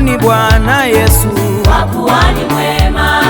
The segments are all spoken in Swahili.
ni Bwana Yesu kwa kuwa ni mwema,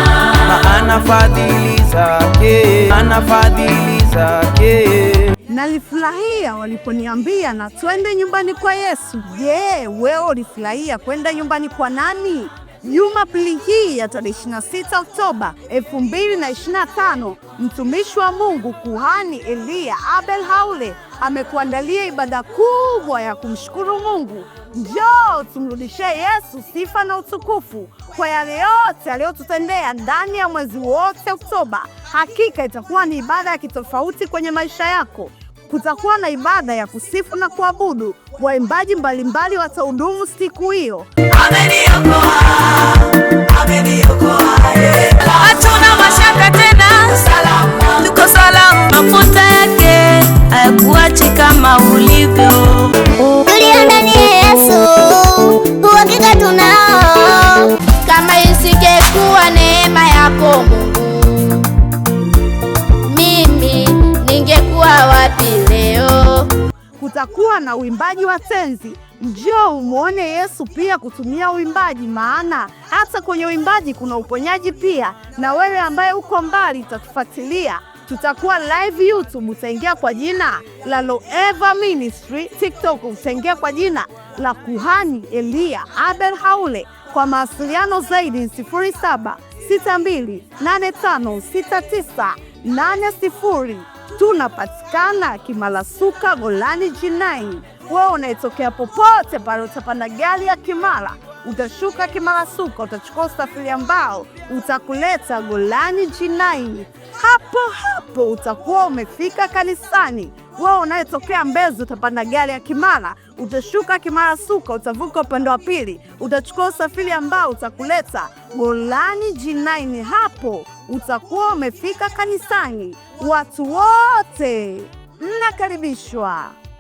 ana fadhili zake, ana fadhili zake. Nalifurahia waliponiambia na twende nyumbani kwa Yesu. Je, yeah, wewe ulifurahia kwenda nyumbani kwa nani? Jumapili hii ya tarehe 26 Oktoba 2025, mtumishi wa Mungu Kuhani eliya Abel Haule amekuandalia ibada kubwa ya kumshukuru Mungu. Njoo tumrudishe Yesu sifa na utukufu kwa yale yote aliyotutendea ndani ya mwezi wote Oktoba. Hakika itakuwa ni ibada ya kitofauti kwenye maisha yako. Kutakuwa na ibada ya kusifu na kuabudu. Waimbaji mbalimbali watahudumu siku hiyo. utakuwa na uimbaji wa tenzi. Njoo umwone Yesu pia kutumia uimbaji, maana hata kwenye uimbaji kuna uponyaji pia. Na wewe ambaye uko mbali utatufuatilia, tutakuwa live YouTube, utaingia kwa jina la Loeva Ministry. TikTok utaingia kwa jina la Kuhani Elia Abel Haule. Kwa mawasiliano zaidi 0762856980. Tunapatikana Kimalasuka Golani G9. Wewe unaitokea popote pale, utapanda gari ya Kimara, utashuka Kimalasuka, utachukua usafiri ambao utakuleta Golani G9. Hapo hapo utakuwa umefika kanisani wewe unayetokea Mbezi utapanda gari ya Kimara, utashuka Kimara Suka, utavuka upande wa pili, utachukua usafiri ambao utakuleta Golani G9. Hapo utakuwa umefika kanisani. Watu wote mnakaribishwa.